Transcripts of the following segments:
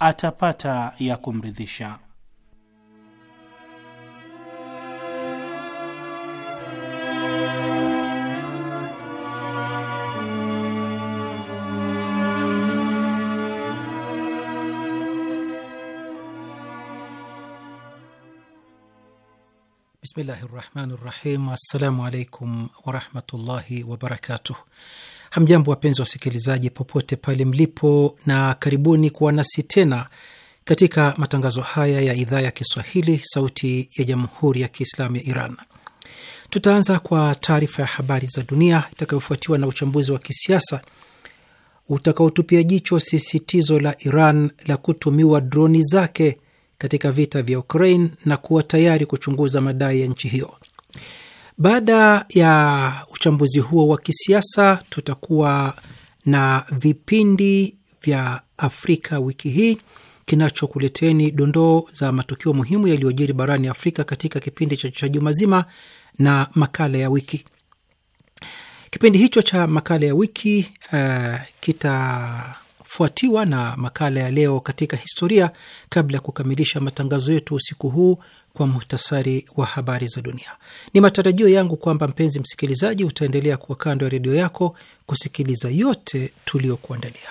atapata ya kumridhisha. Bismillahi rahmani rahim. Assalamu alaikum warahmatullahi wabarakatuh. Hamjambo, wapenzi wasikilizaji, popote pale mlipo, na karibuni kuwa nasi tena katika matangazo haya ya idhaa ya Kiswahili, Sauti ya Jamhuri ya Kiislamu ya Iran. Tutaanza kwa taarifa ya habari za dunia itakayofuatiwa na uchambuzi wa kisiasa utakaotupia jicho sisitizo la Iran la kutumiwa droni zake katika vita vya Ukraine na kuwa tayari kuchunguza madai ya nchi hiyo. Baada ya uchambuzi huo wa kisiasa, tutakuwa na vipindi vya Afrika wiki hii kinachokuleteni dondoo za matukio muhimu yaliyojiri barani Afrika katika kipindi cha juma zima na makala ya wiki. Kipindi hicho cha makala ya wiki uh, kita kufuatiwa na makala ya leo katika historia, kabla ya kukamilisha matangazo yetu usiku huu kwa muhtasari wa habari za dunia. Ni matarajio yangu kwamba mpenzi msikilizaji, utaendelea kuwa kando ya redio yako kusikiliza yote tuliyokuandalia.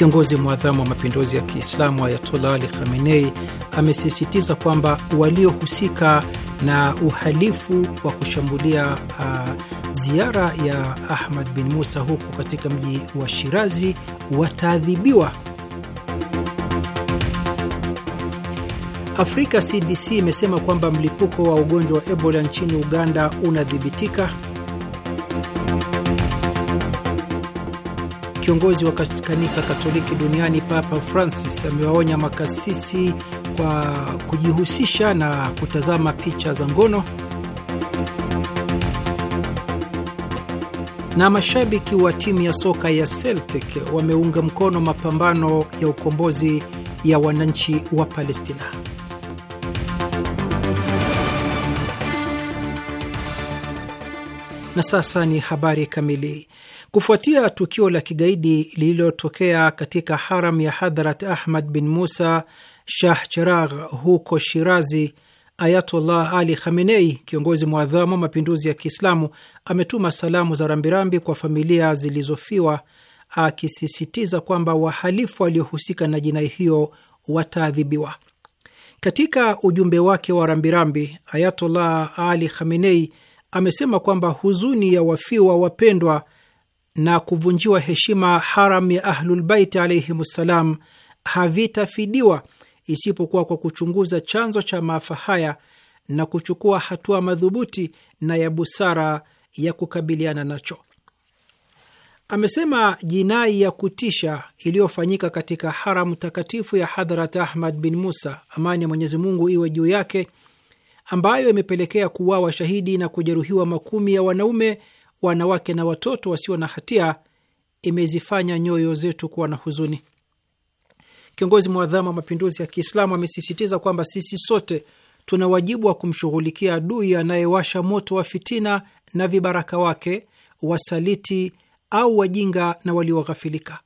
Kiongozi mwadhamu wa mapinduzi ya Kiislamu Ayatollah Ali Khamenei amesisitiza kwamba waliohusika na uhalifu wa kushambulia uh, ziara ya Ahmad bin Musa huko katika mji wa Shirazi wataadhibiwa. Afrika CDC imesema kwamba mlipuko wa ugonjwa wa Ebola nchini Uganda unadhibitika. Kiongozi wa kanisa Katoliki duniani Papa Francis amewaonya makasisi kwa kujihusisha na kutazama picha za ngono. Na mashabiki wa timu ya soka ya Celtic wameunga mkono mapambano ya ukombozi ya wananchi wa Palestina. Na sasa ni habari kamili. Kufuatia tukio la kigaidi lililotokea katika haram ya Hadhrat Ahmad bin Musa Shah Cheragh huko Shirazi, Ayatullah Ali Khamenei, kiongozi mwadhamu wa mapinduzi ya Kiislamu, ametuma salamu za rambirambi kwa familia zilizofiwa, akisisitiza kwamba wahalifu waliohusika na jinai hiyo wataadhibiwa. Katika ujumbe wake wa rambirambi, Ayatullah Ali Khamenei amesema kwamba huzuni ya wafiwa wapendwa na kuvunjiwa heshima haram ya Ahlulbaiti alaihim ssalam havitafidiwa isipokuwa kwa kuchunguza chanzo cha maafa haya na kuchukua hatua madhubuti na ya busara ya kukabiliana nacho. Amesema jinai ya kutisha iliyofanyika katika haramu takatifu ya Hadhrat Ahmad bin Musa, amani ya Mwenyezi Mungu iwe juu yake, ambayo imepelekea kuwa shahidi na kujeruhiwa makumi ya wanaume wanawake na watoto wasio na hatia imezifanya nyoyo zetu kuwa na huzuni. Kiongozi mwadhamu wa mapinduzi ya Kiislamu amesisitiza kwamba sisi sote tuna wajibu wa kumshughulikia adui anayewasha moto wa fitina na vibaraka wake, wasaliti au wajinga na walioghafilika.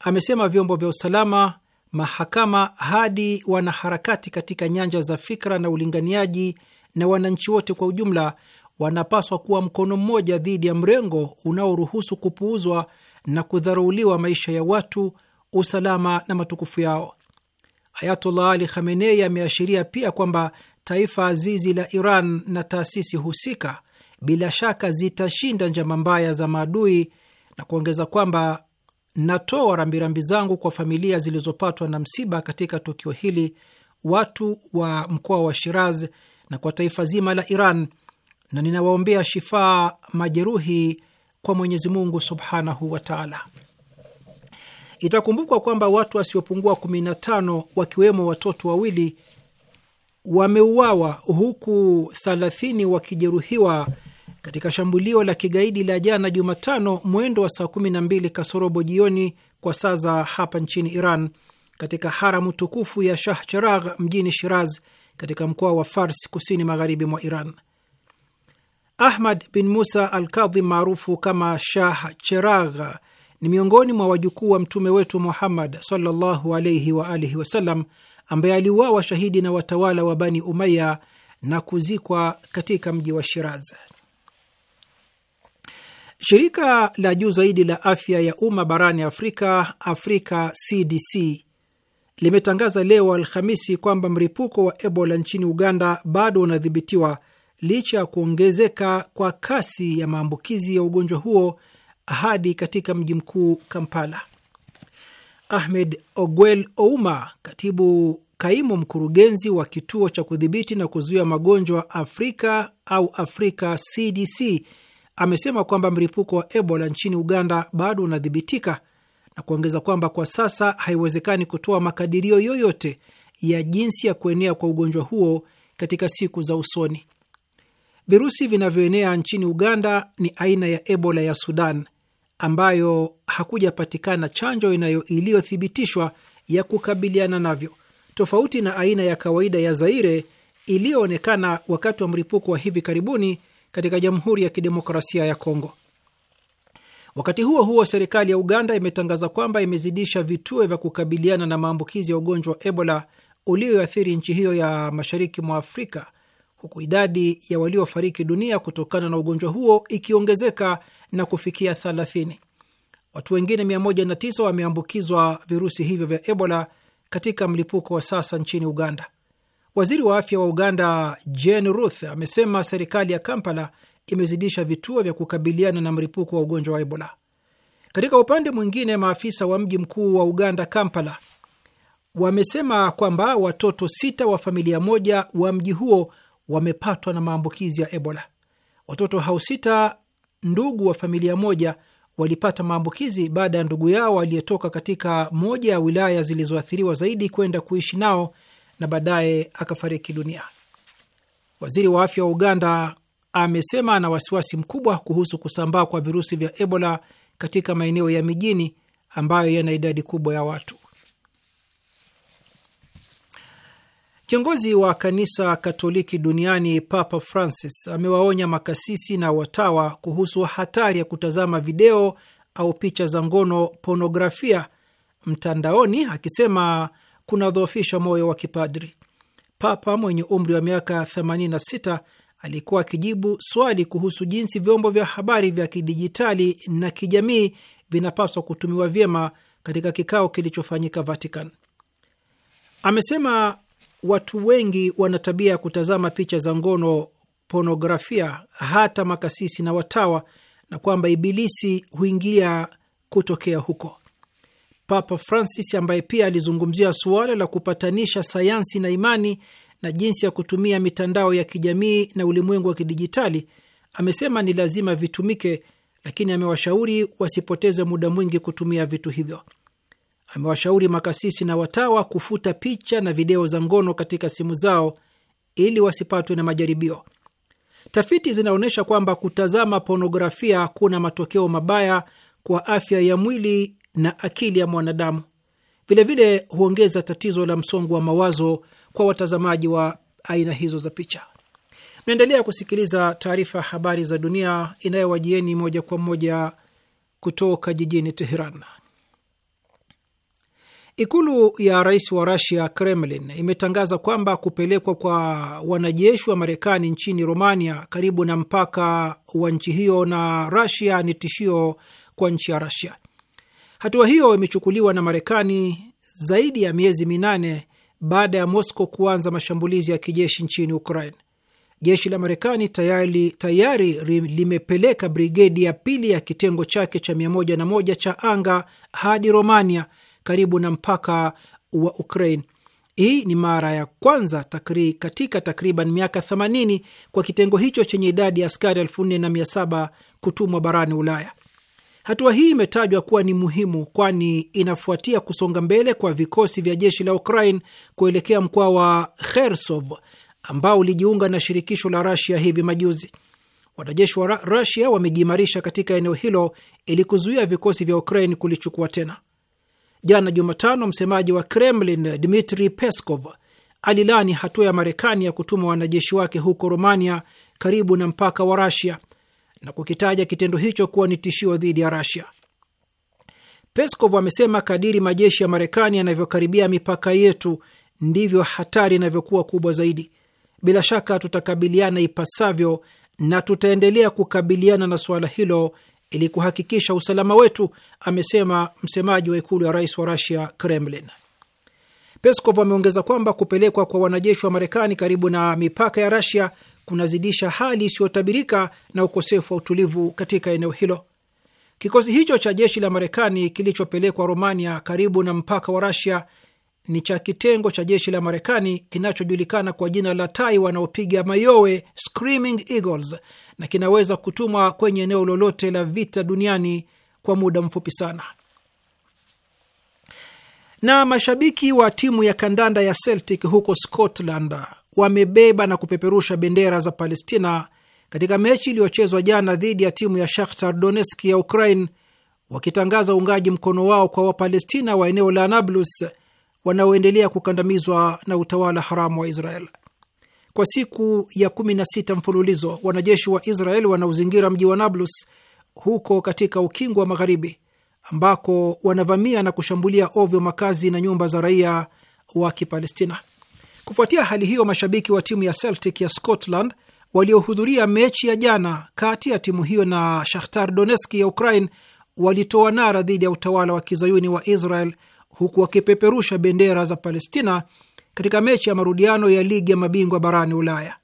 Amesema vyombo vya usalama, mahakama, hadi wanaharakati katika nyanja za fikra na ulinganiaji na wananchi wote kwa ujumla wanapaswa kuwa mkono mmoja dhidi ya mrengo unaoruhusu kupuuzwa na kudharauliwa maisha ya watu, usalama na matukufu yao. Ayatullah Ali Khamenei ameashiria pia kwamba taifa azizi la Iran na taasisi husika bila shaka zitashinda njama mbaya za maadui na kuongeza kwamba natoa rambirambi zangu kwa familia zilizopatwa na msiba katika tukio hili, watu wa mkoa wa Shiraz na kwa taifa zima la Iran na ninawaombea shifaa majeruhi kwa Mwenyezi Mungu subhanahu wa taala. Itakumbukwa kwamba watu wasiopungua 15 wakiwemo watoto wawili wameuawa huku 30 wakijeruhiwa katika shambulio la kigaidi la jana Jumatano mwendo wa saa 12 kasorobo jioni kwa saa za hapa nchini Iran katika haramu tukufu ya Shah Cheragh mjini Shiraz katika mkoa wa Fars kusini magharibi mwa Iran. Ahmad bin Musa al Kadhi maarufu kama Shah Cheragh ni miongoni mwa wajukuu wa mtume wetu Muhammad sallallahu alaihi wa alihi wasallam ambaye aliuawa shahidi na watawala wa Bani Umaya na kuzikwa katika mji wa Shiraz. Shirika la juu zaidi la afya ya umma barani Afrika, Afrika CDC, limetangaza leo Alhamisi kwamba mripuko wa Ebola nchini Uganda bado unadhibitiwa licha ya kuongezeka kwa kasi ya maambukizi ya ugonjwa huo hadi katika mji mkuu Kampala. Ahmed Ogwel Ouma, katibu kaimu mkurugenzi wa kituo cha kudhibiti na kuzuia magonjwa Afrika au Afrika CDC, amesema kwamba mlipuko wa Ebola nchini Uganda bado unadhibitika na kuongeza kwamba kwa sasa haiwezekani kutoa makadirio yoyote ya jinsi ya kuenea kwa ugonjwa huo katika siku za usoni. Virusi vinavyoenea nchini Uganda ni aina ya Ebola ya Sudan ambayo hakujapatikana chanjo iliyothibitishwa ya kukabiliana navyo, tofauti na aina ya kawaida ya Zaire iliyoonekana wakati wa mlipuko wa hivi karibuni katika Jamhuri ya Kidemokrasia ya Kongo. Wakati huo huo, serikali ya Uganda imetangaza kwamba imezidisha vituo vya kukabiliana na maambukizi ya ugonjwa wa Ebola ulioathiri nchi hiyo ya mashariki mwa Afrika huku idadi ya waliofariki dunia kutokana na ugonjwa huo ikiongezeka na kufikia 30. Watu wengine 109 wameambukizwa virusi hivyo vya Ebola katika mlipuko wa sasa nchini Uganda. Waziri wa afya wa Uganda Jane Ruth amesema serikali ya Kampala imezidisha vituo vya kukabiliana na mlipuko wa ugonjwa wa Ebola. Katika upande mwingine, maafisa wa mji mkuu wa Uganda, Kampala, wamesema kwamba watoto sita wa familia moja wa mji huo wamepatwa na maambukizi ya Ebola. Watoto hao sita, ndugu wa familia moja, walipata maambukizi baada ya ndugu yao aliyetoka katika moja ya wilaya zilizoathiriwa zaidi kwenda kuishi nao na baadaye akafariki dunia. Waziri wa afya wa Uganda amesema ana wasiwasi mkubwa kuhusu kusambaa kwa virusi vya Ebola katika maeneo ya mijini ambayo yana idadi kubwa ya watu. Kiongozi wa kanisa Katoliki duniani Papa Francis amewaonya makasisi na watawa kuhusu hatari ya kutazama video au picha za ngono, ponografia mtandaoni, akisema kunadhoofisha moyo wa kipadri. Papa mwenye umri wa miaka 86 alikuwa akijibu swali kuhusu jinsi vyombo vya habari vya kidijitali na kijamii vinapaswa kutumiwa vyema katika kikao kilichofanyika Vatican. Amesema watu wengi wana tabia ya kutazama picha za ngono, ponografia, hata makasisi na watawa, na kwamba ibilisi huingia kutokea huko. Papa Francis ambaye pia alizungumzia suala la kupatanisha sayansi na imani na jinsi ya kutumia mitandao ya kijamii na ulimwengu wa kidijitali amesema ni lazima vitumike, lakini amewashauri wasipoteze muda mwingi kutumia vitu hivyo amewashauri makasisi na watawa kufuta picha na video za ngono katika simu zao ili wasipatwe na majaribio. Tafiti zinaonyesha kwamba kutazama ponografia kuna matokeo mabaya kwa afya ya mwili na akili ya mwanadamu. Vilevile huongeza tatizo la msongo wa mawazo kwa watazamaji wa aina hizo za picha. naendelea kusikiliza taarifa ya habari za dunia inayowajieni moja kwa moja kutoka jijini Teheran. Ikulu ya rais wa Rusia, Kremlin, imetangaza kwamba kupelekwa kwa wanajeshi wa Marekani nchini Romania, karibu na mpaka wa nchi hiyo na Rusia, ni tishio kwa nchi ya Rusia. Hatua hiyo imechukuliwa na Marekani zaidi ya miezi minane baada ya Moscow kuanza mashambulizi ya kijeshi nchini Ukraine. Jeshi la Marekani tayari, tayari limepeleka brigedi ya pili ya kitengo chake cha 101 cha anga hadi Romania karibu na mpaka wa Ukraine. Hii ni mara ya kwanza takri, katika takriban miaka 80 kwa kitengo hicho chenye idadi ya askari 4700 kutumwa barani Ulaya. Hatua hii imetajwa kuwa ni muhimu, kwani inafuatia kusonga mbele kwa vikosi vya jeshi la Ukraine kuelekea mkoa wa Kherson ambao ulijiunga na shirikisho la Rasia hivi majuzi. Wanajeshi wa Rasia wamejiimarisha katika eneo hilo ili kuzuia vikosi vya Ukraine kulichukua tena. Jana Jumatano, msemaji wa Kremlin Dmitri Peskov alilani hatua ya Marekani ya kutuma wanajeshi wake huko Romania, karibu na mpaka wa Rasia, na kukitaja kitendo hicho kuwa ni tishio dhidi ya Rasia. Peskov amesema kadiri majeshi ya Marekani yanavyokaribia mipaka yetu ndivyo hatari inavyokuwa kubwa zaidi. Bila shaka tutakabiliana ipasavyo na tutaendelea kukabiliana na suala hilo ili kuhakikisha usalama wetu, amesema msemaji wa ikulu ya rais wa Rusia, Kremlin. Peskov ameongeza kwamba kupelekwa kwa wanajeshi wa Marekani karibu na mipaka ya Rusia kunazidisha hali isiyotabirika na ukosefu wa utulivu katika eneo hilo. Kikosi hicho cha jeshi la Marekani kilichopelekwa Romania karibu na mpaka wa Rusia ni cha kitengo cha jeshi la Marekani kinachojulikana kwa jina la tai wanaopiga mayowe, Screaming Eagles, na kinaweza kutumwa kwenye eneo lolote la vita duniani kwa muda mfupi sana. Na mashabiki wa timu ya kandanda ya Celtic huko Scotland wamebeba na kupeperusha bendera za Palestina katika mechi iliyochezwa jana dhidi ya timu ya Shakhtar Donetsk ya Ukraine, wakitangaza uungaji mkono wao kwa Wapalestina wa eneo la Nablus wanaoendelea kukandamizwa na utawala haramu wa Israel. Kwa siku ya kumi na sita mfululizo, wanajeshi wa Israel wanauzingira mji wa Nablus huko katika ukingo wa Magharibi, ambako wanavamia na kushambulia ovyo makazi na nyumba za raia wa Kipalestina. Kufuatia hali hiyo, mashabiki wa timu ya Celtic ya Scotland waliohudhuria mechi ya jana kati ya timu hiyo na Shakhtar Donetsk ya Ukraine walitoa nara dhidi ya utawala wa kizayuni wa Israel huku wakipeperusha bendera za Palestina katika mechi ya marudiano ya ligi ya mabingwa barani Ulaya.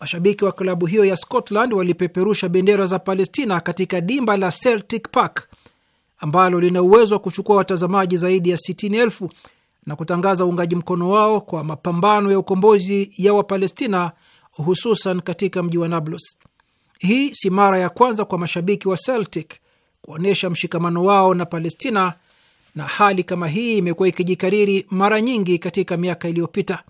Mashabiki wa klabu hiyo ya Scotland walipeperusha bendera za Palestina katika dimba la Celtic Park ambalo lina uwezo wa kuchukua watazamaji zaidi ya sitini elfu na kutangaza uungaji mkono wao kwa mapambano ya ukombozi ya Wapalestina, hususan katika mji wa Nablus. Hii si mara ya kwanza kwa mashabiki wa Celtic kuonyesha mshikamano wao na Palestina na hali kama hii imekuwa ikijikariri mara nyingi katika miaka iliyopita.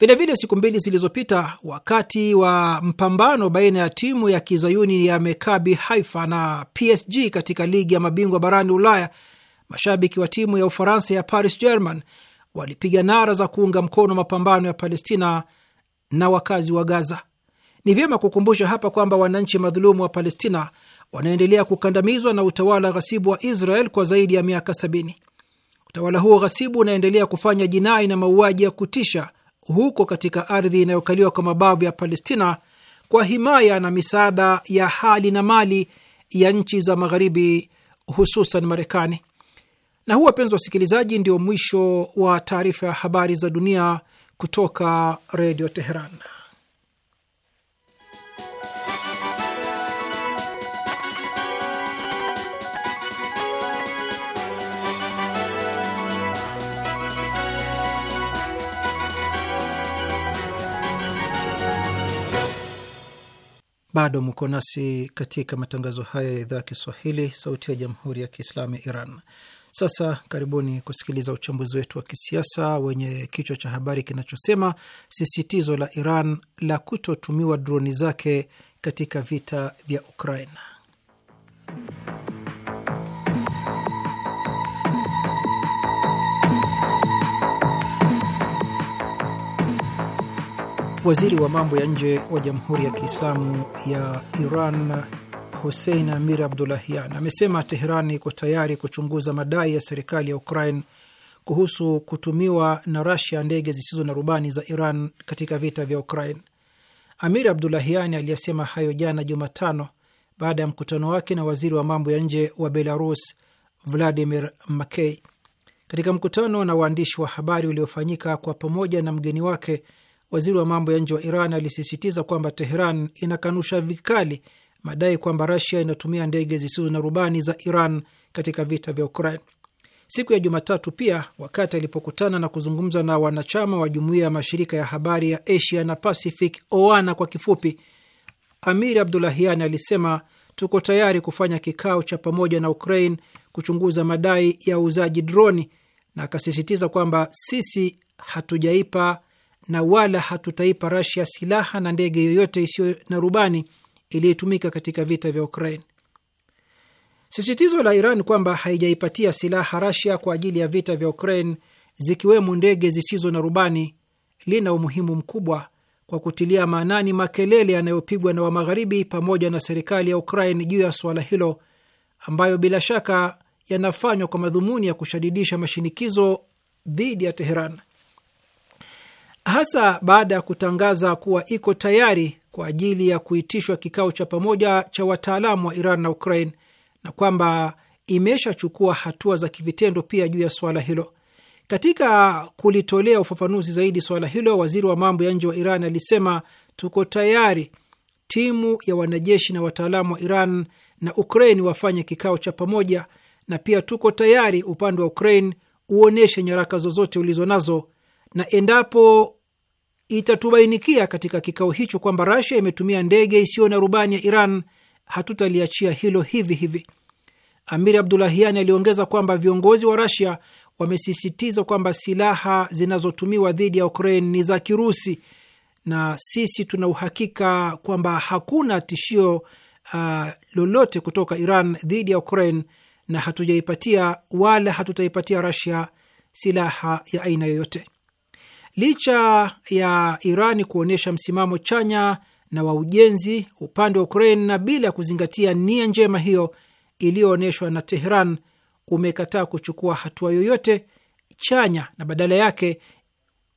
Vilevile, siku mbili zilizopita, wakati wa mpambano baina ya timu ya kizayuni ya Mekabi Haifa na PSG katika ligi ya mabingwa barani Ulaya, mashabiki wa timu ya Ufaransa ya Paris German walipiga nara za kuunga mkono mapambano ya Palestina na wakazi wa Gaza. Ni vyema kukumbusha hapa kwamba wananchi madhulumu wa Palestina wanaendelea kukandamizwa na utawala ghasibu wa Israel kwa zaidi ya miaka sabini. Utawala huo ghasibu unaendelea kufanya jinai na mauaji ya kutisha huko katika ardhi inayokaliwa kwa mabavu ya Palestina kwa himaya na misaada ya hali na mali ya nchi za Magharibi, hususan Marekani. Na huu, wapenzi wa wasikilizaji, ndio mwisho wa taarifa ya habari za dunia kutoka Redio Teheran. Bado mko nasi katika matangazo haya ya idhaa ya Kiswahili, sauti ya jamhuri ya kiislamu ya Iran. Sasa karibuni kusikiliza uchambuzi wetu wa kisiasa wenye kichwa cha habari kinachosema sisitizo la Iran la kutotumiwa droni zake katika vita vya Ukraina. Waziri wa mambo ya nje wa Jamhuri ya Kiislamu ya Iran Hussein Amir Abdulahian amesema Teheran iko tayari kuchunguza madai ya serikali ya Ukraine kuhusu kutumiwa na Rasia ndege zisizo na rubani za Iran katika vita vya Ukraine. Amir Abdulahian aliyesema hayo jana Jumatano baada ya mkutano wake na waziri wa mambo ya nje wa Belarus Vladimir Makey. Katika mkutano na waandishi wa habari uliofanyika kwa pamoja na mgeni wake waziri wa mambo ya nje wa Iran alisisitiza kwamba Teheran inakanusha vikali madai kwamba Rasia inatumia ndege zisizo na rubani za Iran katika vita vya Ukraine. Siku ya Jumatatu pia, wakati alipokutana na kuzungumza na wanachama wa jumuiya ya mashirika ya habari ya Asia na Pacific, OANA kwa kifupi, Amir Abdulahian alisema tuko tayari kufanya kikao cha pamoja na Ukraine kuchunguza madai ya uuzaji droni, na akasisitiza kwamba sisi hatujaipa na wala hatutaipa Rasia silaha na ndege yoyote isiyo na rubani iliyotumika katika vita vya Ukraine. Sisitizo la Iran kwamba haijaipatia silaha Rasia kwa ajili ya vita vya Ukraine, zikiwemo ndege zisizo na rubani, lina umuhimu mkubwa kwa kutilia maanani makelele yanayopigwa na Wamagharibi pamoja na serikali ya Ukraine juu ya suala hilo, ambayo bila shaka yanafanywa kwa madhumuni ya kushadidisha mashinikizo dhidi ya Teheran hasa baada ya kutangaza kuwa iko tayari kwa ajili ya kuitishwa kikao cha pamoja cha wataalamu wa Iran na Ukraine na kwamba imeshachukua hatua za kivitendo pia juu ya swala hilo. Katika kulitolea ufafanuzi zaidi swala hilo, waziri wa mambo ya nje wa Iran alisema, tuko tayari, timu ya wanajeshi na wataalamu wa Iran na Ukraine wafanye kikao cha pamoja, na pia tuko tayari upande wa Ukraine uonyeshe nyaraka zozote ulizo nazo, na endapo itatubainikia katika kikao hicho kwamba Rasia imetumia ndege isiyo na rubani ya Iran, hatutaliachia hilo hivi hivi. Amir Abdulahian aliongeza kwamba viongozi wa Rasia wamesisitiza kwamba silaha zinazotumiwa dhidi ya Ukraine ni za Kirusi na sisi tuna uhakika kwamba hakuna tishio uh, lolote kutoka Iran dhidi ya Ukraine na hatujaipatia wala hatutaipatia Rasia silaha ya aina yoyote. Licha ya Irani kuonyesha msimamo chanya na wa ujenzi upande wa Ukraine, na bila ya kuzingatia nia njema hiyo iliyoonyeshwa na Tehran, umekataa kuchukua hatua yoyote chanya na badala yake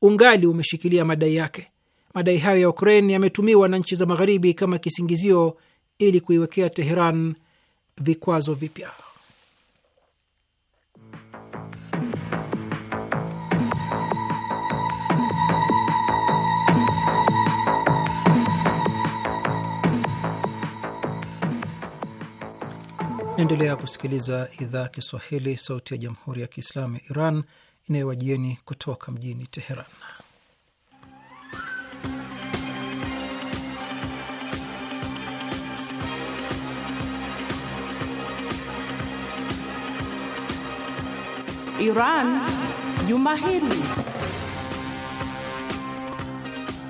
ungali umeshikilia madai yake. Madai hayo ya Ukraine yametumiwa na nchi za Magharibi kama kisingizio ili kuiwekea Teheran vikwazo vipya. Naendelea kusikiliza idhaa Kiswahili sauti ya jamhuri ya kiislamu ya Iran inayowajieni kutoka mjini Teheran. Iran juma hili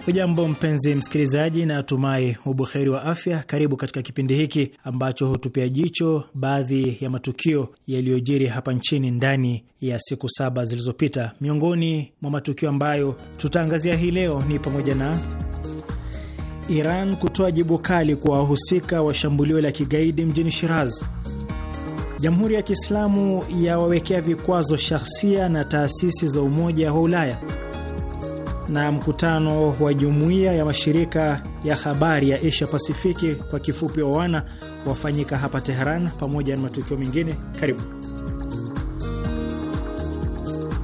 Ujambo mpenzi msikilizaji, na atumai ubuheri wa afya. Karibu katika kipindi hiki ambacho hutupia jicho baadhi ya matukio yaliyojiri hapa nchini ndani ya siku saba zilizopita. Miongoni mwa matukio ambayo tutaangazia hii leo ni pamoja na Iran kutoa jibu kali kwa wahusika wa shambulio la kigaidi mjini Shiraz, Jamhuri ya Kiislamu yawawekea vikwazo shahsia na taasisi za Umoja wa Ulaya na mkutano wa jumuiya ya mashirika ya habari ya Asia Pasifiki kwa kifupi OANA wafanyika hapa Teheran, pamoja na matukio mengine. Karibu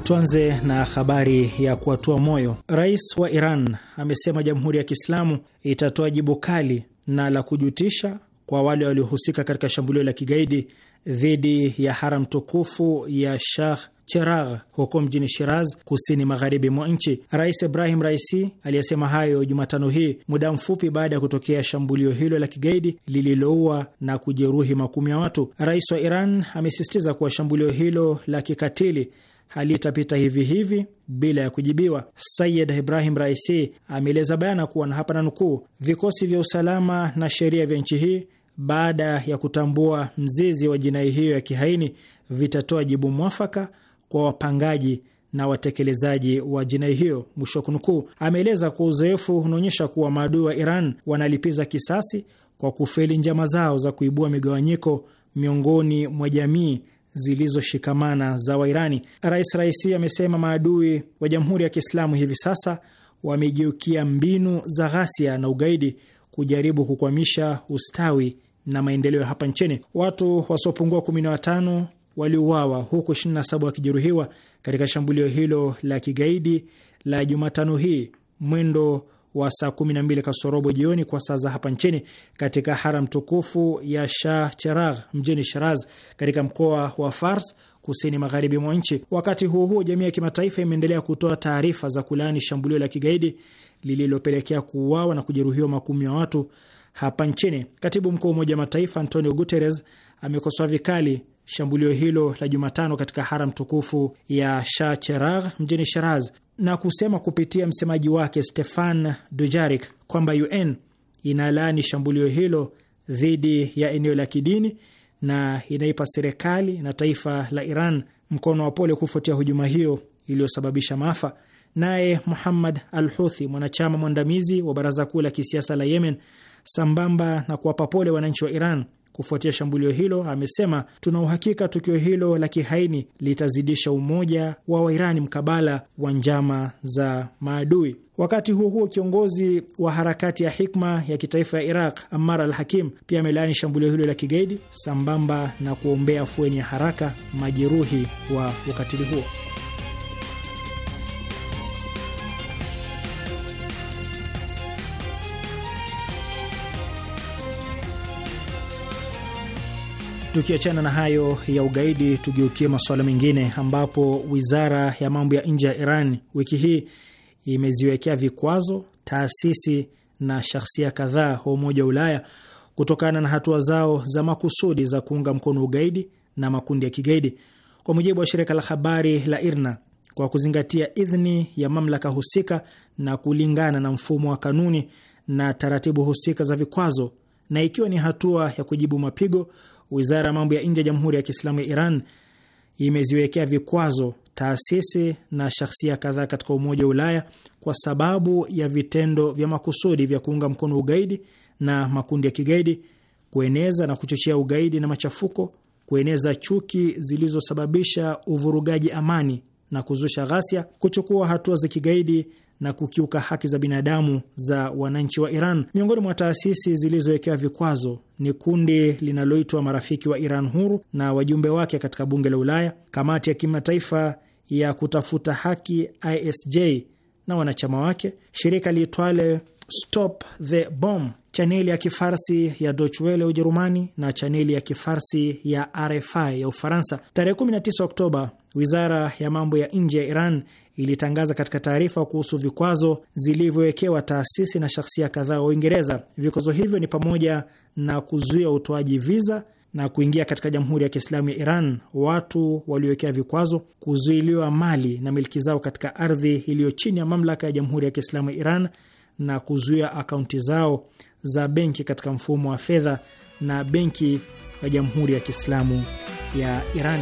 tuanze na habari ya kuwatua moyo. Rais wa Iran amesema Jamhuri ya Kiislamu itatoa jibu kali na la kujutisha kwa wale waliohusika katika shambulio la kigaidi dhidi ya haram tukufu ya Shah Cheragh huko mjini Shiraz, kusini magharibi mwa nchi. Rais Ibrahim Raisi aliyesema hayo Jumatano hii muda mfupi baada ya kutokea shambulio hilo la kigaidi lililoua na kujeruhi makumi ya watu. Rais wa Iran amesisitiza kuwa shambulio hilo la kikatili halitapita hivi hivi bila ya kujibiwa. Sayid Ibrahim Raisi ameeleza bayana kuwa na hapa na nukuu, vikosi vya usalama na sheria vya nchi hii baada ya kutambua mzizi wa jinai hiyo ya kihaini vitatoa jibu mwafaka kwa wapangaji na watekelezaji wa jinai hiyo, mwisho wa kunukuu. Ameeleza kuwa uzoefu unaonyesha kuwa maadui wa Iran wanalipiza kisasi kwa kufeli njama zao za kuibua migawanyiko miongoni mwa jamii zilizoshikamana za Wairani. Rais Raisi amesema maadui wa Jamhuri ya Kiislamu hivi sasa wamegeukia mbinu za ghasia na ugaidi kujaribu kukwamisha ustawi na maendeleo hapa nchini. Watu wasiopungua 15 waliuawa huku 27 wakijeruhiwa katika shambulio hilo la kigaidi la Jumatano hii mwendo wa saa 12 kasorobo jioni kwa saa za hapa nchini katika haram tukufu ya Shah Cheragh mjini Shiraz katika mkoa wa Fars kusini magharibi mwa nchi. Wakati huo huo, jamii ya kimataifa imeendelea kutoa taarifa za kulaani shambulio la kigaidi lililopelekea kuuawa na kujeruhiwa makumi ya watu hapa nchini. Katibu mkuu wa Umoja wa Mataifa Antonio Guterres amekosoa vikali shambulio hilo la Jumatano katika haram tukufu ya Shah Cheragh mjini Shiraz na kusema kupitia msemaji wake Stefan Dujarik kwamba UN inalaani shambulio hilo dhidi ya eneo la kidini na inaipa serikali na taifa la Iran mkono wa pole kufuatia hujuma hiyo iliyosababisha maafa. Naye Muhammad Al Huthi, mwanachama mwandamizi wa baraza kuu la kisiasa la Yemen, sambamba na kuwapa pole wananchi wa Iran kufuatia shambulio hilo, amesema tuna uhakika tukio hilo la kihaini litazidisha umoja wa Wairani mkabala wa njama za maadui. Wakati huo huo, kiongozi wa harakati ya Hikma ya kitaifa ya Iraq Ammar al Hakim pia amelaani shambulio hilo la kigaidi sambamba na kuombea afueni ya haraka majeruhi wa ukatili huo. Tukiachana na hayo ya ugaidi, tugeukie masuala mengine, ambapo wizara ya mambo ya nje ya Iran wiki hii imeziwekea vikwazo taasisi na shahsia kadhaa wa Umoja wa Ulaya kutokana na hatua zao za makusudi za kuunga mkono ugaidi na makundi ya kigaidi. Kwa mujibu wa shirika la habari la IRNA, kwa kuzingatia idhini ya mamlaka husika na kulingana na mfumo wa kanuni na taratibu husika za vikwazo, na ikiwa ni hatua ya kujibu mapigo wizara ya mambo ya nje ya Jamhuri ya Kiislamu ya Iran imeziwekea vikwazo taasisi na shahsia kadhaa katika Umoja wa Ulaya kwa sababu ya vitendo vya makusudi vya kuunga mkono ugaidi na makundi ya kigaidi, kueneza na kuchochea ugaidi na machafuko, kueneza chuki zilizosababisha uvurugaji amani na kuzusha ghasia, kuchukua hatua za kigaidi na kukiuka haki za binadamu za wananchi wa Iran. Miongoni mwa taasisi zilizowekewa vikwazo ni kundi linaloitwa Marafiki wa Iran Huru na wajumbe wake katika bunge la Ulaya, kamati ya kimataifa ya kutafuta haki ISJ na wanachama wake, shirika liitwale Stop the Bomb, chaneli ya Kifarsi ya Deutsche Welle ya Ujerumani na chaneli ya Kifarsi ya RFI ya Ufaransa. Tarehe 19 Oktoba, wizara ya mambo ya nje ya Iran ilitangaza katika taarifa kuhusu vikwazo zilivyowekewa taasisi na shahsia kadhaa wa Uingereza. Vikwazo hivyo ni pamoja na kuzuia utoaji viza na kuingia katika Jamhuri ya Kiislamu ya Iran watu waliowekea vikwazo, kuzuiliwa mali na milki zao katika ardhi iliyo chini ya mamlaka ya Jamhuri ya Kiislamu ya Iran na kuzuia akaunti zao za benki katika mfumo wa fedha na benki ya Jamhuri ya Kiislamu ya Iran.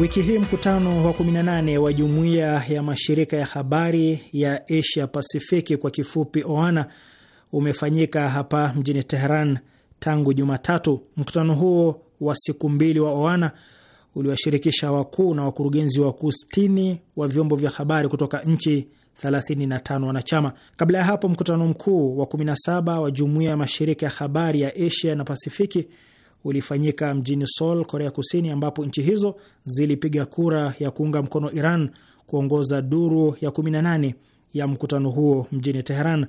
Wiki hii mkutano wa 18 wa jumuiya ya mashirika ya habari ya Asia Pasifiki kwa kifupi OANA umefanyika hapa mjini Teheran tangu Jumatatu. Mkutano huo wa siku mbili wa OANA uliwashirikisha wakuu na wakurugenzi wakuu sitini wa vyombo vya habari kutoka nchi 35 wanachama. Kabla ya hapo, mkutano mkuu wa 17 wa jumuiya ya mashirika ya habari ya Asia na Pasifiki ulifanyika mjini Seoul, Korea Kusini, ambapo nchi hizo zilipiga kura ya kuunga mkono Iran kuongoza duru ya 18 ya mkutano huo mjini Teheran.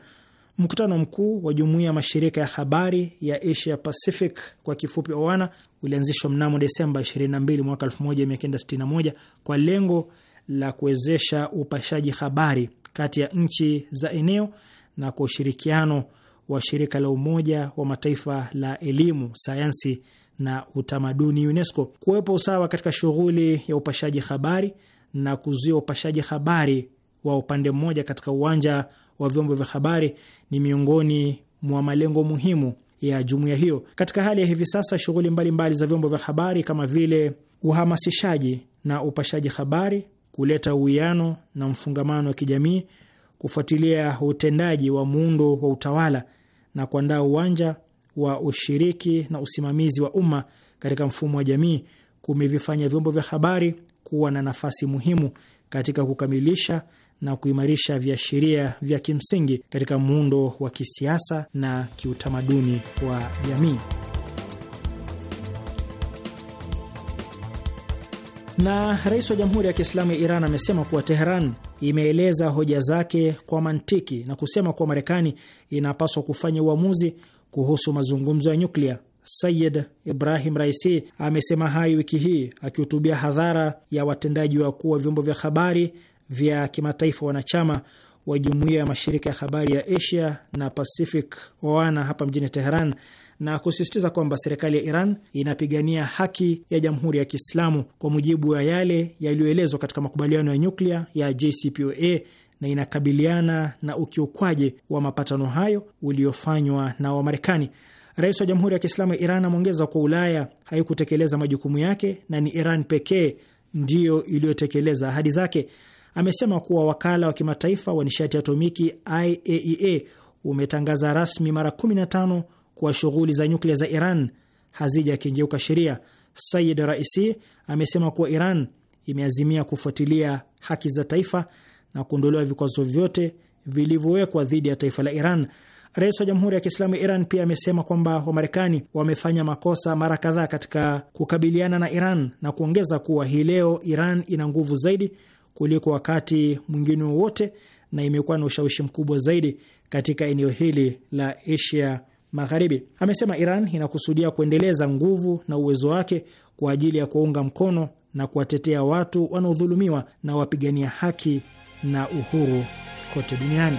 Mkutano mkuu wa jumuiya ya mashirika ya habari ya Asia Pacific kwa kifupi OANA ulianzishwa mnamo Desemba 22 mwaka 1961 kwa lengo la kuwezesha upashaji habari kati ya nchi za eneo na kwa ushirikiano wa shirika la Umoja wa Mataifa la elimu, sayansi na utamaduni UNESCO kuwepo usawa katika shughuli ya upashaji habari na kuzuia upashaji habari wa upande mmoja katika uwanja wa vyombo vya habari ni miongoni mwa malengo muhimu ya jumuiya hiyo. Katika hali ya hivi sasa, shughuli mbalimbali za vyombo vya habari kama vile uhamasishaji na upashaji habari, kuleta uwiano na mfungamano wa kijamii, kufuatilia utendaji wa muundo wa utawala na kuandaa uwanja wa ushiriki na usimamizi wa umma katika mfumo wa jamii kumevifanya vyombo vya habari kuwa na nafasi muhimu katika kukamilisha na kuimarisha viashiria vya kimsingi katika muundo wa kisiasa na kiutamaduni wa jamii. Na rais wa Jamhuri ya Kiislamu ya Iran amesema kuwa Teheran imeeleza hoja zake kwa mantiki na kusema kuwa Marekani inapaswa kufanya uamuzi kuhusu mazungumzo ya nyuklia. Sayid Ibrahim Raisi amesema hayo wiki hii akihutubia hadhara ya watendaji wakuu wa vyombo vya habari vya kimataifa wanachama wa jumuiya ya mashirika ya habari ya Asia na Pacific, OANA, hapa mjini Teheran na kusisitiza kwamba serikali ya Iran inapigania haki ya Jamhuri ya Kiislamu kwa mujibu wa yale yaliyoelezwa katika makubaliano ya nyuklia ya JCPOA na inakabiliana na ukiukwaji wa mapatano hayo uliofanywa na Wamarekani. Rais wa Jamhuri ya Kiislamu ya Iran ameongeza kwa Ulaya haikutekeleza majukumu yake na ni Iran pekee ndiyo iliyotekeleza ahadi zake. Amesema kuwa wakala wa kimataifa wa nishati atomiki IAEA e umetangaza rasmi mara 15 kuwa shughuli za nyuklia za Iran hazijakengeuka sheria. Sayid Raisi amesema kuwa Iran imeazimia kufuatilia haki za taifa na kuondolewa vikwazo vyote vilivyowekwa dhidi ya taifa la Iran. Rais wa Jamhuri ya Kiislamu ya Iran pia amesema kwamba Wamarekani wamefanya makosa mara kadhaa katika kukabiliana na Iran na kuongeza kuwa hii leo Iran ina nguvu zaidi kuliko wakati mwingine wowote na imekuwa na ushawishi mkubwa zaidi katika eneo hili la Asia Magharibi. Amesema Iran inakusudia kuendeleza nguvu na uwezo wake kwa ajili ya kuwaunga mkono na kuwatetea watu wanaodhulumiwa na wapigania haki na uhuru kote duniani.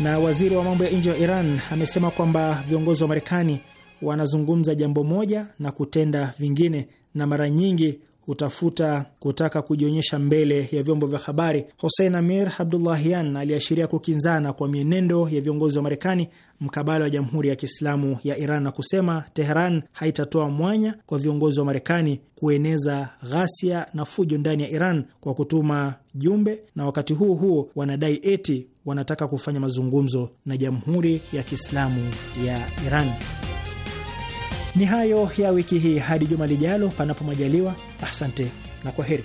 Na waziri wa mambo ya nje wa Iran amesema kwamba viongozi wa Marekani wanazungumza jambo moja na kutenda vingine, na mara nyingi kutafuta kutaka kujionyesha mbele ya vyombo vya habari. Hossein Amir Abdullahian aliashiria kukinzana kwa mienendo ya viongozi wa Marekani mkabala wa Jamhuri ya Kiislamu ya Iran na kusema Teheran haitatoa mwanya kwa viongozi wa Marekani kueneza ghasia na fujo ndani ya Iran kwa kutuma jumbe, na wakati huo huo wanadai eti wanataka kufanya mazungumzo na Jamhuri ya Kiislamu ya Iran. Ni hayo ya wiki hii, hadi juma lijalo, panapo majaliwa. Asante na kwa heri.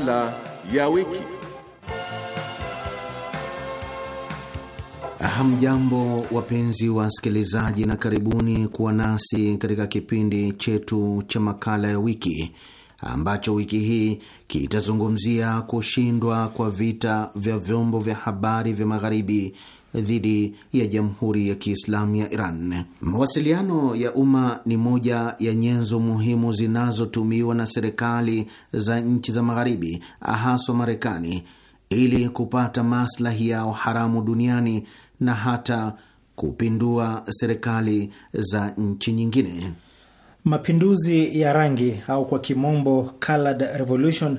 makala ya wiki. Hamjambo, wapenzi wasikilizaji, na karibuni kuwa nasi katika kipindi chetu cha makala ya wiki ambacho wiki hii kitazungumzia kushindwa kwa vita vya vyombo vya habari vya magharibi dhidi ya Jamhuri ya Kiislamu ya Iran. Mawasiliano ya umma ni moja ya nyenzo muhimu zinazotumiwa na serikali za nchi za Magharibi, haswa Marekani, ili kupata maslahi yao haramu duniani na hata kupindua serikali za nchi nyingine. Mapinduzi ya rangi au kwa kimombo colored revolution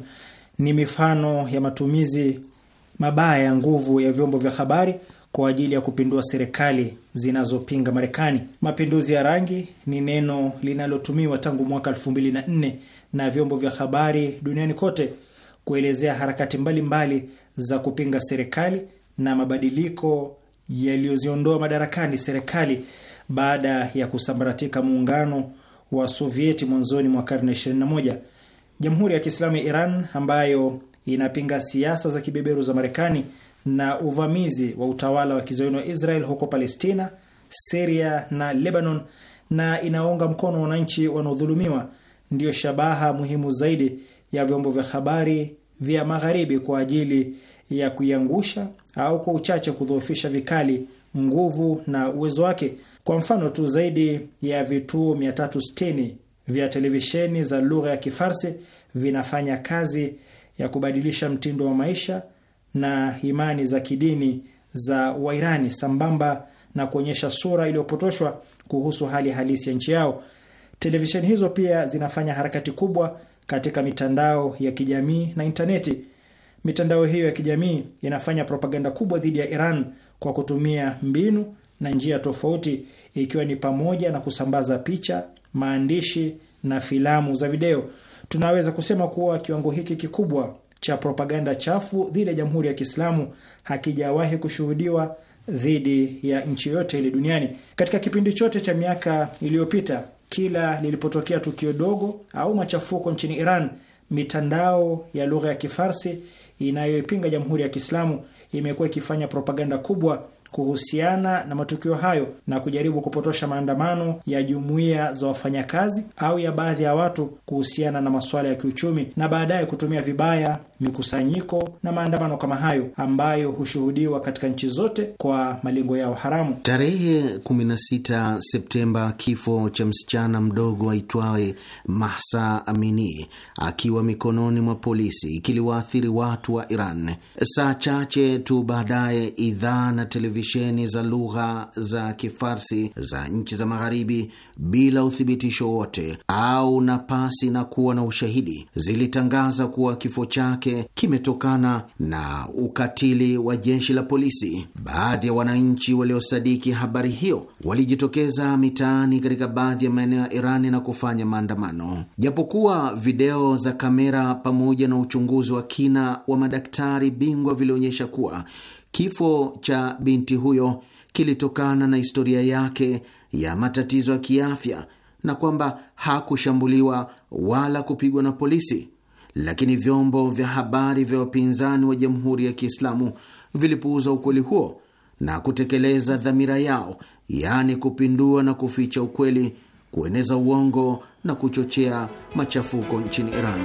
ni mifano ya matumizi mabaya ya nguvu ya vyombo vya habari kwa ajili ya kupindua serikali zinazopinga Marekani. Mapinduzi ya rangi ni neno linalotumiwa tangu mwaka 2004 na vyombo vya habari duniani kote kuelezea harakati mbalimbali mbali za kupinga serikali na mabadiliko yaliyoziondoa madarakani serikali baada ya kusambaratika muungano wa Sovieti mwanzoni mwa karne 21. Jamhuri ya Kiislamu ya Iran ambayo inapinga siasa za kibeberu za Marekani na uvamizi wa utawala wa kizayuni wa Israel huko Palestina, Siria na Lebanon, na inaunga mkono wananchi wanaodhulumiwa, ndiyo shabaha muhimu zaidi ya vyombo vya habari vya Magharibi kwa ajili ya kuiangusha au kwa uchache kudhoofisha vikali nguvu na uwezo wake. Kwa mfano tu, zaidi ya vituo 360 vya televisheni za lugha ya Kifarsi vinafanya kazi ya kubadilisha mtindo wa maisha na imani za kidini za Wairani sambamba na kuonyesha sura iliyopotoshwa kuhusu hali halisi ya nchi yao. Televisheni hizo pia zinafanya harakati kubwa katika mitandao ya kijamii na intaneti. Mitandao hiyo ya kijamii inafanya propaganda kubwa dhidi ya Iran kwa kutumia mbinu na njia tofauti, ikiwa ni pamoja na kusambaza picha, maandishi na filamu za video. Tunaweza kusema kuwa kiwango hiki kikubwa cha propaganda chafu dhidi ya Jamhuri ya Kiislamu hakijawahi kushuhudiwa dhidi ya nchi yote ile duniani. Katika kipindi chote cha miaka iliyopita, kila lilipotokea tukio dogo au machafuko nchini Iran, mitandao ya lugha ya Kifarsi inayoipinga Jamhuri ya Kiislamu imekuwa ikifanya propaganda kubwa kuhusiana na matukio hayo na kujaribu kupotosha maandamano ya jumuiya za wafanyakazi au ya baadhi ya watu kuhusiana na masuala ya kiuchumi, na baadaye kutumia vibaya mikusanyiko na maandamano kama hayo ambayo hushuhudiwa katika nchi zote kwa malengo yao haramu. Tarehe 16 Septemba, kifo cha msichana mdogo aitwaye Mahsa Amini akiwa mikononi mwa polisi kiliwaathiri watu wa Iran. Saa chache tu baadaye, idhaa na televisheni za lugha za Kifarsi za nchi za Magharibi, bila uthibitisho wote au napasi na kuwa na ushahidi, zilitangaza kuwa kifo chake chake kimetokana na ukatili wa jeshi la polisi. Baadhi ya wananchi waliosadiki habari hiyo walijitokeza mitaani katika baadhi ya maeneo ya Irani na kufanya maandamano, japokuwa video za kamera pamoja na uchunguzi wa kina wa madaktari bingwa vilionyesha kuwa kifo cha binti huyo kilitokana na historia yake ya matatizo ya kiafya na kwamba hakushambuliwa wala kupigwa na polisi lakini vyombo vya habari vya wapinzani wa Jamhuri ya Kiislamu vilipuuza ukweli huo na kutekeleza dhamira yao, yaani kupindua na kuficha ukweli, kueneza uongo na kuchochea machafuko nchini Iran.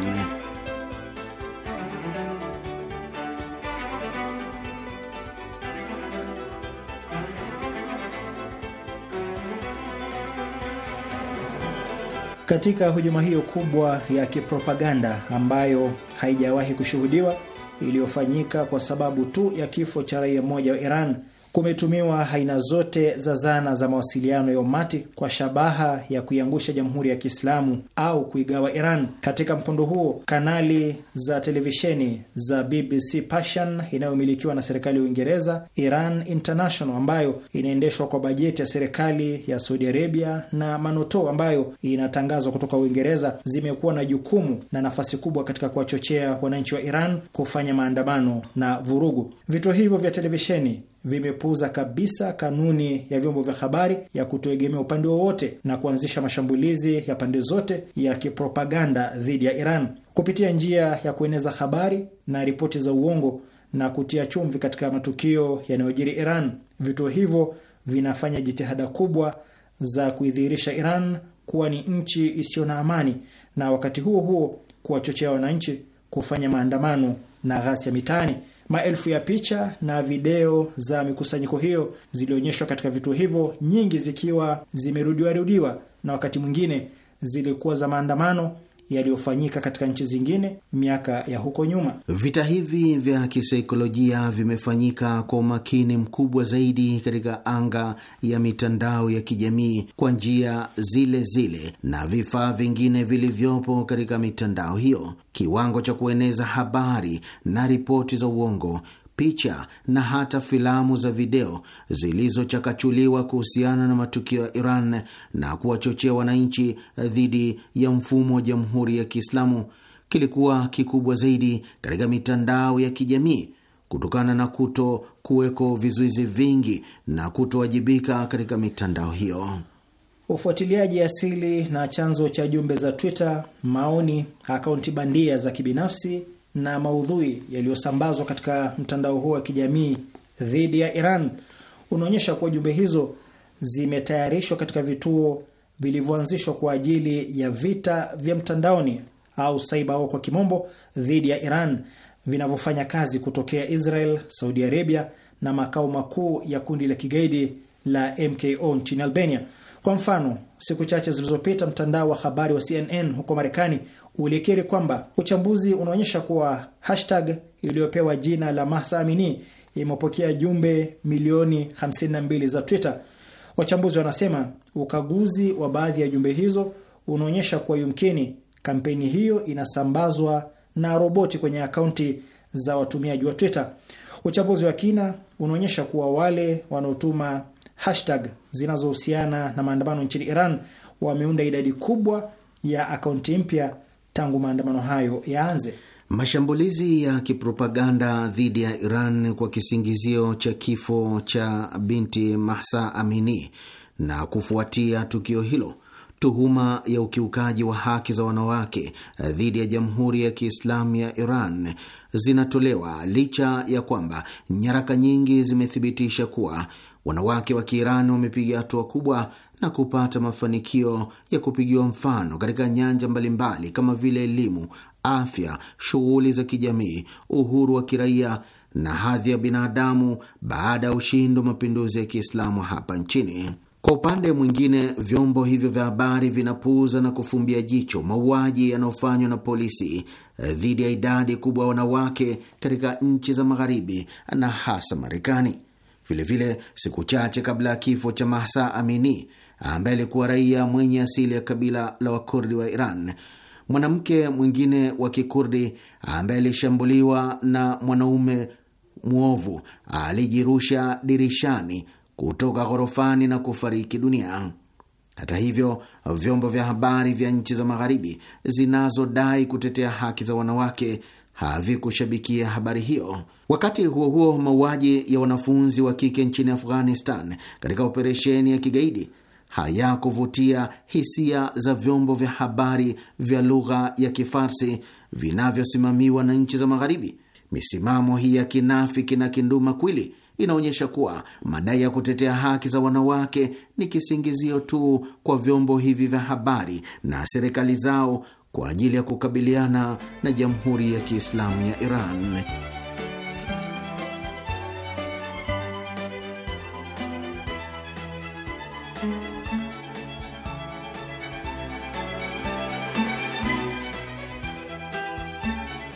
Katika hujuma hiyo kubwa ya kipropaganda ambayo haijawahi kushuhudiwa iliyofanyika kwa sababu tu ya kifo cha raia mmoja wa Iran kumetumiwa aina zote za zana za mawasiliano ya umati kwa shabaha ya kuiangusha Jamhuri ya Kiislamu au kuigawa Iran. Katika mkondo huo, kanali za televisheni za BBC Persian inayomilikiwa na serikali ya Uingereza, Iran International ambayo inaendeshwa kwa bajeti ya serikali ya Saudi Arabia na Manoto ambayo inatangazwa kutoka Uingereza zimekuwa na jukumu na nafasi kubwa katika kuwachochea wananchi wa Iran kufanya maandamano na vurugu. Vituo hivyo vya televisheni vimepuuza kabisa kanuni ya vyombo vya habari ya kutoegemea upande wowote na kuanzisha mashambulizi ya pande zote ya kipropaganda dhidi ya Iran kupitia njia ya kueneza habari na ripoti za uongo na kutia chumvi katika matukio yanayojiri Iran. Vituo hivyo vinafanya jitihada kubwa za kuidhihirisha Iran kuwa ni nchi isiyo na amani na wakati huo huo kuwachochea wananchi kufanya maandamano na ghasia mitaani. Maelfu ya picha na video za mikusanyiko hiyo zilionyeshwa katika vituo hivyo, nyingi zikiwa zimerudiwarudiwa na wakati mwingine zilikuwa za maandamano yaliyofanyika katika nchi zingine miaka ya huko nyuma. Vita hivi vya kisaikolojia vimefanyika kwa umakini mkubwa zaidi katika anga ya mitandao ya kijamii kwa njia zile zile na vifaa vingine vilivyopo katika mitandao hiyo. Kiwango cha kueneza habari na ripoti za uongo picha na hata filamu za video zilizochakachuliwa kuhusiana na matukio ya Iran na kuwachochea wananchi dhidi ya mfumo wa Jamhuri ya Kiislamu kilikuwa kikubwa zaidi katika mitandao ya kijamii kutokana na kuto kuweko vizuizi vingi na kutowajibika katika mitandao hiyo. Ufuatiliaji asili na chanzo cha jumbe za Twitter, maoni, akaunti bandia za kibinafsi na maudhui yaliyosambazwa katika mtandao huo wa kijamii dhidi ya Iran unaonyesha kuwa jumbe hizo zimetayarishwa katika vituo vilivyoanzishwa kwa ajili ya vita vya mtandaoni au cyber war kwa kimombo dhidi ya Iran vinavyofanya kazi kutokea Israel, Saudi Arabia na makao makuu ya kundi la kigaidi la MKO nchini Albania. Kwa mfano, siku chache zilizopita mtandao wa habari wa CNN huko Marekani ulikiri kwamba uchambuzi unaonyesha kuwa hashtag iliyopewa jina la Mahsa Amini imepokea jumbe milioni 52 za Twitter. Wachambuzi wanasema ukaguzi wa baadhi ya jumbe hizo unaonyesha kuwa yumkini kampeni hiyo inasambazwa na roboti kwenye akaunti za watumiaji wa Twitter. Uchambuzi wa kina unaonyesha kuwa wale wanaotuma hashtag zinazohusiana na maandamano nchini Iran wameunda idadi kubwa ya akaunti mpya tangu maandamano hayo yaanze. Mashambulizi ya kipropaganda dhidi ya Iran kwa kisingizio cha kifo cha binti Mahsa Amini na kufuatia tukio hilo, tuhuma ya ukiukaji wa haki za wanawake dhidi ya Jamhuri ya Kiislamu ya Iran zinatolewa licha ya kwamba nyaraka nyingi zimethibitisha kuwa Wanawake wa Kiirani wamepiga hatua kubwa na kupata mafanikio ya kupigiwa mfano katika nyanja mbalimbali kama vile elimu, afya, shughuli za kijamii, uhuru wa kiraia na hadhi ya binadamu baada ya ushindi wa mapinduzi ya Kiislamu hapa nchini. Kwa upande mwingine, vyombo hivyo vya habari vinapuuza na kufumbia jicho mauaji yanayofanywa na polisi eh, dhidi ya idadi kubwa ya wanawake katika nchi za Magharibi na hasa Marekani. Vilevile vile, siku chache kabla ya kifo cha Mahsa Amini ambaye alikuwa raia mwenye asili ya kabila la Wakurdi wa Iran, mwanamke mwingine wa Kikurdi ambaye alishambuliwa na mwanaume mwovu alijirusha dirishani kutoka ghorofani na kufariki dunia. Hata hivyo, vyombo vya habari vya nchi za Magharibi zinazodai kutetea haki za wanawake havikushabikia habari hiyo. Wakati huo huo, mauaji ya wanafunzi wa kike nchini Afghanistan katika operesheni ya kigaidi hayakuvutia hisia za vyombo vya habari vya lugha ya Kifarsi vinavyosimamiwa na nchi za Magharibi. Misimamo hii ya kinafiki na kinduma kwili inaonyesha kuwa madai ya kutetea haki za wanawake ni kisingizio tu kwa vyombo hivi vya habari na serikali zao kwa ajili ya kukabiliana na Jamhuri ya Kiislamu ya Iran.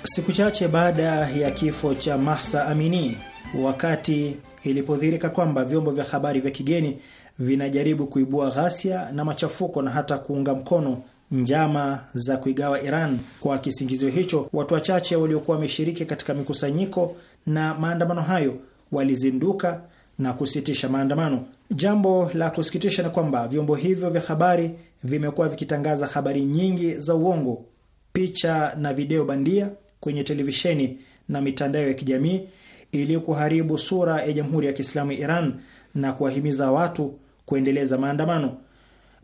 Siku chache baada ya kifo cha Mahsa Amini, wakati ilipodhihirika kwamba vyombo vya habari vya kigeni vinajaribu kuibua ghasia na machafuko na hata kuunga mkono njama za kuigawa Iran. Kwa kisingizio hicho, watu wachache waliokuwa wameshiriki katika mikusanyiko na maandamano hayo walizinduka na kusitisha maandamano. Jambo la kusikitisha ni kwamba vyombo hivyo vya habari vimekuwa vikitangaza habari nyingi za uongo, picha na video bandia kwenye televisheni na mitandao ya kijamii ili kuharibu sura ya Jamhuri ya Kiislamu ya Iran na kuwahimiza watu kuendeleza maandamano.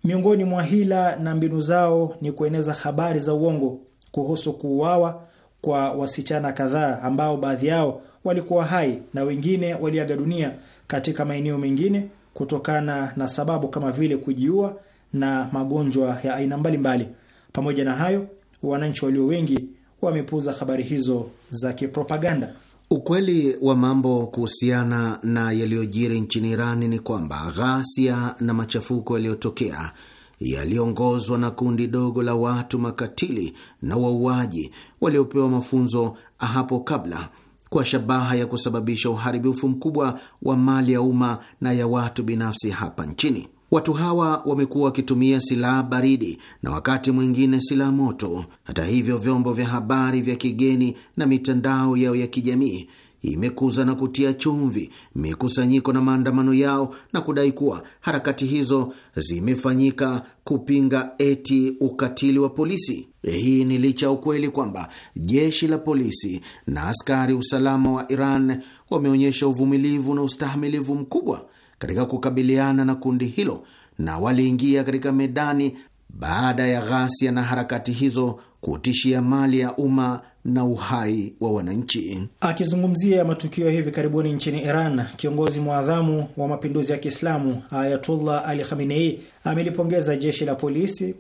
Miongoni mwa hila na mbinu zao ni kueneza habari za uongo kuhusu kuuawa kwa wasichana kadhaa ambao baadhi yao walikuwa hai na wengine waliaga dunia katika maeneo mengine kutokana na sababu kama vile kujiua na magonjwa ya aina mbalimbali. Pamoja na hayo, wananchi walio wengi wamepuuza habari hizo za kipropaganda. Ukweli wa mambo kuhusiana na yaliyojiri nchini Irani ni kwamba ghasia na machafuko yaliyotokea yaliongozwa na kundi dogo la watu makatili na wauaji waliopewa mafunzo hapo kabla kwa shabaha ya kusababisha uharibifu mkubwa wa mali ya umma na ya watu binafsi hapa nchini. Watu hawa wamekuwa wakitumia silaha baridi na wakati mwingine silaha moto. Hata hivyo, vyombo vya habari vya kigeni na mitandao yao ya kijamii imekuza na kutia chumvi mikusanyiko na maandamano yao na kudai kuwa harakati hizo zimefanyika kupinga eti ukatili wa polisi. Hii ni licha ya ukweli kwamba jeshi la polisi na askari usalama wa Iran wameonyesha uvumilivu na ustahamilivu mkubwa katika kukabiliana na kundi hilo na waliingia katika medani baada ya ghasia na harakati hizo kutishia mali ya umma na uhai wa wananchi. Akizungumzia matukio ya hivi karibuni nchini Iran, kiongozi mwadhamu wa mapinduzi ya Kiislamu Ayatullah Ali Khamenei amelipongeza jeshi la polisi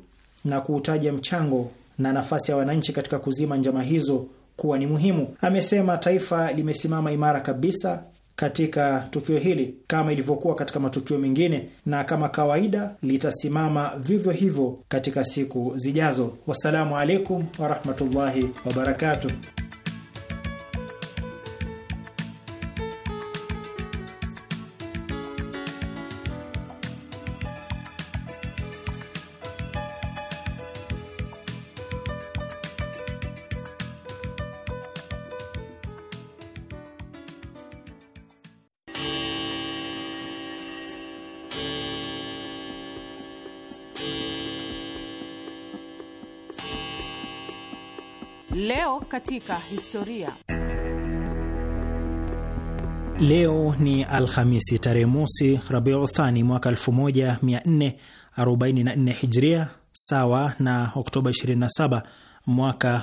na kuutaja mchango na nafasi ya wananchi katika kuzima njama hizo kuwa ni muhimu. Amesema taifa limesimama imara kabisa katika tukio hili kama ilivyokuwa katika matukio mengine, na kama kawaida litasimama vivyo hivyo katika siku zijazo. Wassalamu alaikum warahmatullahi wabarakatuh. Leo katika historia. Leo ni Alhamisi tarehe mosi Rabiu Thani mwaka 1444 Hijria, sawa na Oktoba 27 mwaka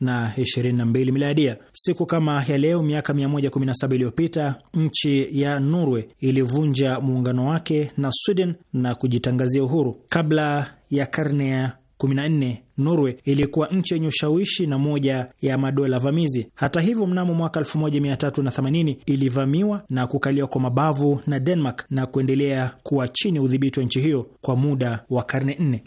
2022 Miladia. Siku kama ya leo miaka 117 iliyopita nchi ya Norway ilivunja muungano wake na Sweden na kujitangazia uhuru. Kabla ya karne ya 14 Norway ilikuwa nchi yenye ushawishi na moja ya madola vamizi. Hata hivyo, mnamo mwaka 1380 ilivamiwa na kukaliwa kwa mabavu na Denmark na kuendelea kuwa chini ya udhibiti wa nchi hiyo kwa muda wa karne nne.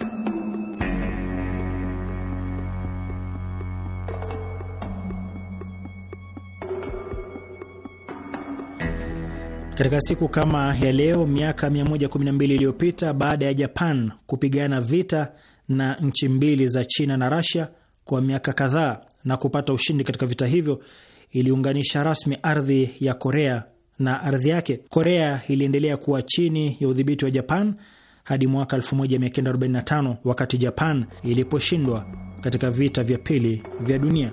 Katika siku kama ya leo miaka 112 iliyopita, baada ya Japan kupigana vita na nchi mbili za China na Rasia kwa miaka kadhaa na kupata ushindi katika vita hivyo, iliunganisha rasmi ardhi ya Korea na ardhi yake. Korea iliendelea kuwa chini ya udhibiti wa Japan hadi mwaka 1945 wakati Japan iliposhindwa katika vita vya pili vya dunia.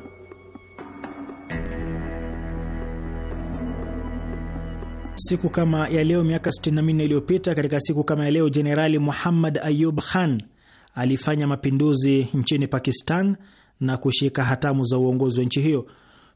Siku kama ya leo miaka 64 iliyopita, katika siku kama ya leo, Jenerali Muhammad Ayub Khan alifanya mapinduzi nchini Pakistan na kushika hatamu za uongozi wa nchi hiyo.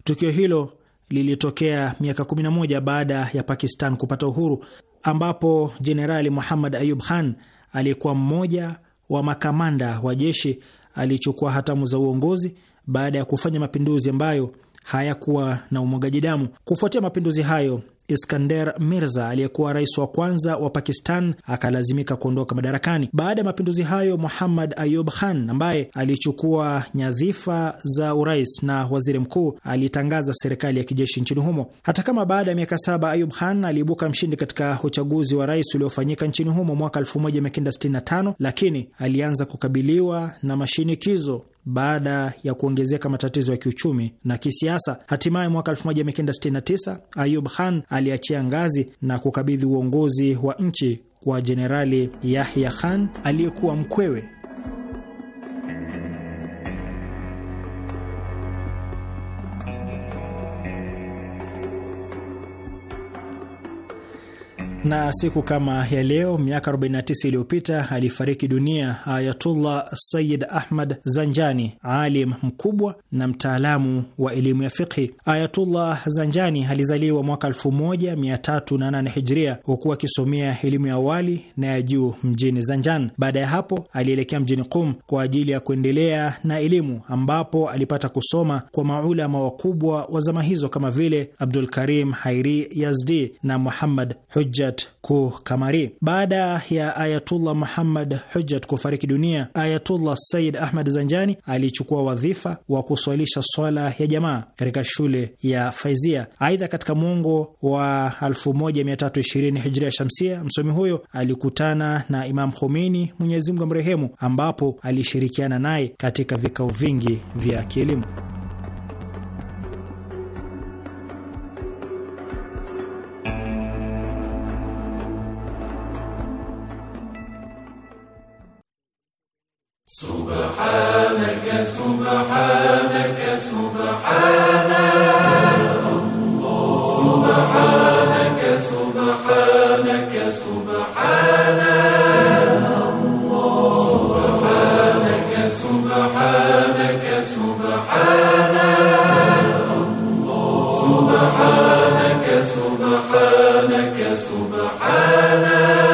Tukio hilo lilitokea miaka 11 baada ya Pakistan kupata uhuru, ambapo Jenerali Muhammad Ayub Khan aliyekuwa mmoja wa makamanda wa jeshi alichukua hatamu za uongozi baada ya kufanya mapinduzi ambayo hayakuwa na umwagaji damu. Kufuatia mapinduzi hayo Iskander Mirza aliyekuwa rais wa kwanza wa Pakistan akalazimika kuondoka madarakani. Baada ya mapinduzi hayo, Muhammad Ayub Khan ambaye alichukua nyadhifa za urais na waziri mkuu alitangaza serikali ya kijeshi nchini humo. Hata kama baada ya miaka saba Ayub Khan aliibuka mshindi katika uchaguzi wa rais uliofanyika nchini humo mwaka 1965, lakini alianza kukabiliwa na mashinikizo baada ya kuongezeka matatizo ya kiuchumi na kisiasa. Hatimaye mwaka 1969 Ayub Khan aliachia ngazi na kukabidhi uongozi wa nchi kwa Jenerali Yahya Khan aliyekuwa mkwewe Na siku kama ya leo miaka 49 iliyopita alifariki dunia Ayatullah sayid Ahmad Zanjani, alim mkubwa na mtaalamu wa elimu ya fiqhi. Ayatullah Zanjani alizaliwa mwaka 1308 Hijria, hukuwa akisomea elimu ya awali na ya juu mjini Zanjan. Baada ya hapo, alielekea mjini Qum kwa ajili ya kuendelea na elimu, ambapo alipata kusoma kwa maulama wakubwa wa zama hizo kama vile Abdul Karim Hairi Yazdi na Muhammad Hujja Hujjat Kukamari. Baada ya Ayatullah Muhammad Hujjat kufariki dunia, Ayatullah Said Ahmad Zanjani alichukua wadhifa wa kuswalisha swala ya jamaa katika shule ya Faizia. Aidha, katika mwongo wa 1320 hijria shamsia, msomi huyo alikutana na Imam Khomeini, Mwenyezi Mungu amrehemu, ambapo alishirikiana naye katika vikao vingi vya kielimu. سبحانك سبحانك سبحانك سبحانك سبحانك سبحانك سبحانك سبحانك سبحانك سبحانك الله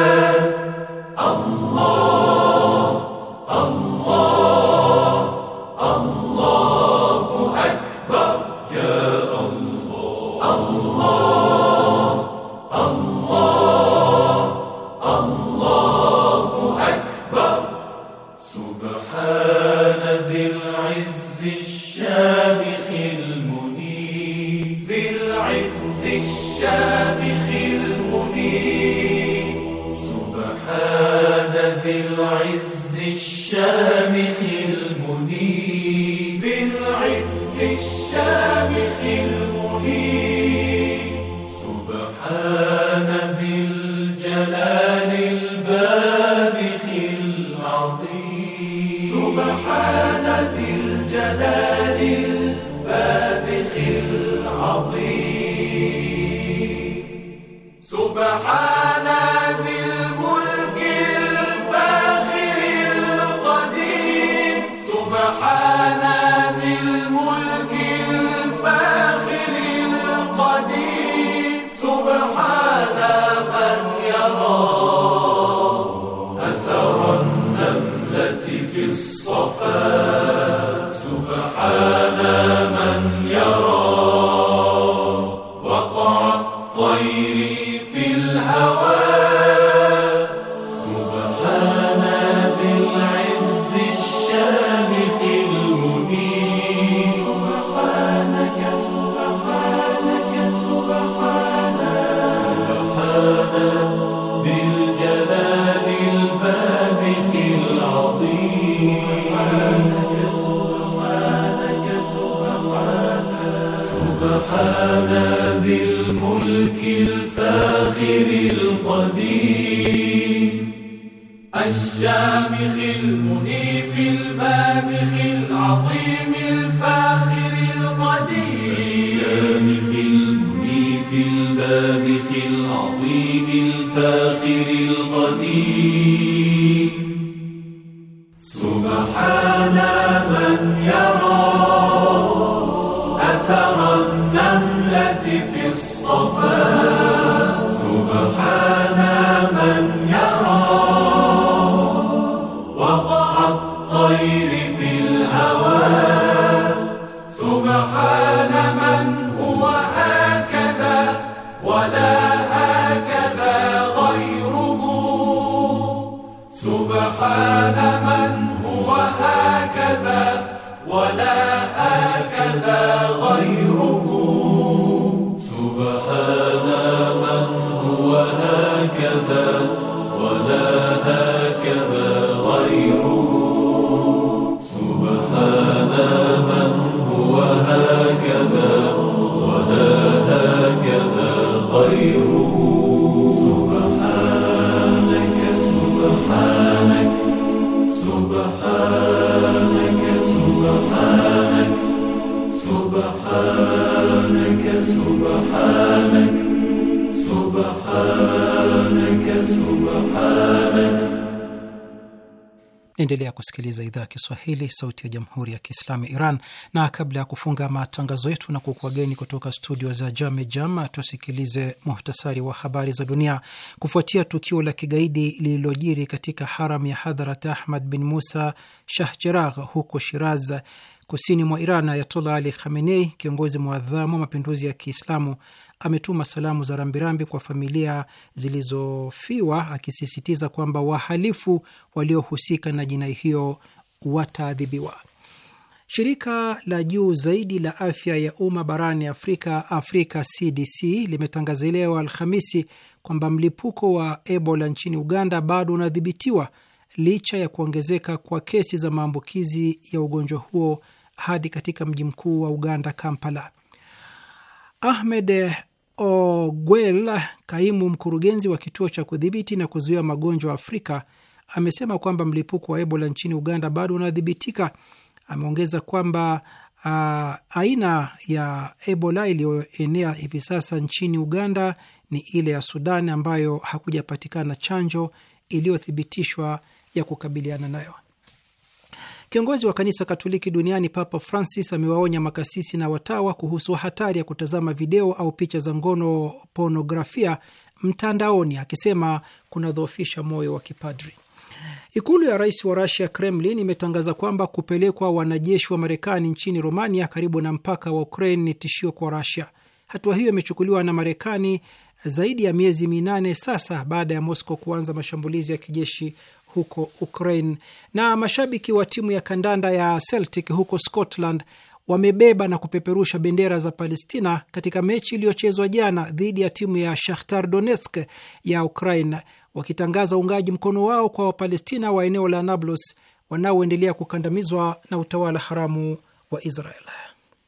endelea kusikiliza idhaa ya Kiswahili, sauti ya jamhuri ya kiislamu Iran. Na kabla ya kufunga matangazo yetu na kukuageni kutoka studio za Jame Jama, tusikilize muhtasari wa habari za dunia. Kufuatia tukio la kigaidi lililojiri katika haram ya hadharat Ahmad bin Musa Shahcheragh huko Shiraz, kusini mwa Iran, Ayatollah Ali Khamenei, kiongozi mwadhamu wa mapinduzi ya Kiislamu, ametuma salamu za rambirambi kwa familia zilizofiwa, akisisitiza kwamba wahalifu waliohusika na jinai hiyo wataadhibiwa. Shirika la juu zaidi la afya ya umma barani Afrika, Afrika CDC, limetangaza leo Alhamisi kwamba mlipuko wa Ebola nchini Uganda bado unadhibitiwa licha ya kuongezeka kwa kesi za maambukizi ya ugonjwa huo hadi katika mji mkuu wa Uganda, Kampala. Ahmed Ogwel, kaimu mkurugenzi wa kituo cha kudhibiti na kuzuia magonjwa Afrika, amesema kwamba mlipuko wa Ebola nchini Uganda bado unadhibitika. Ameongeza kwamba uh, aina ya Ebola iliyoenea hivi sasa nchini Uganda ni ile ya Sudan ambayo hakujapatikana chanjo iliyothibitishwa ya kukabiliana nayo. Kiongozi wa kanisa Katoliki duniani Papa Francis amewaonya makasisi na watawa kuhusu hatari ya kutazama video au picha za ngono pornografia mtandaoni, akisema kunadhoofisha moyo wa kipadri. Ikulu ya rais wa Rusia, Kremlin, imetangaza kwamba kupelekwa wanajeshi wa Marekani nchini Romania, karibu na mpaka wa Ukraine, ni tishio kwa Rusia. Hatua hiyo imechukuliwa na Marekani zaidi ya miezi minane sasa baada ya Moscow kuanza mashambulizi ya kijeshi huko Ukraine. Na mashabiki wa timu ya kandanda ya Celtic huko Scotland wamebeba na kupeperusha bendera za Palestina katika mechi iliyochezwa jana dhidi ya timu ya Shakhtar Donetsk ya Ukraine, wakitangaza uungaji mkono wao kwa Wapalestina wa eneo la Nablus wanaoendelea kukandamizwa na utawala haramu wa Israel.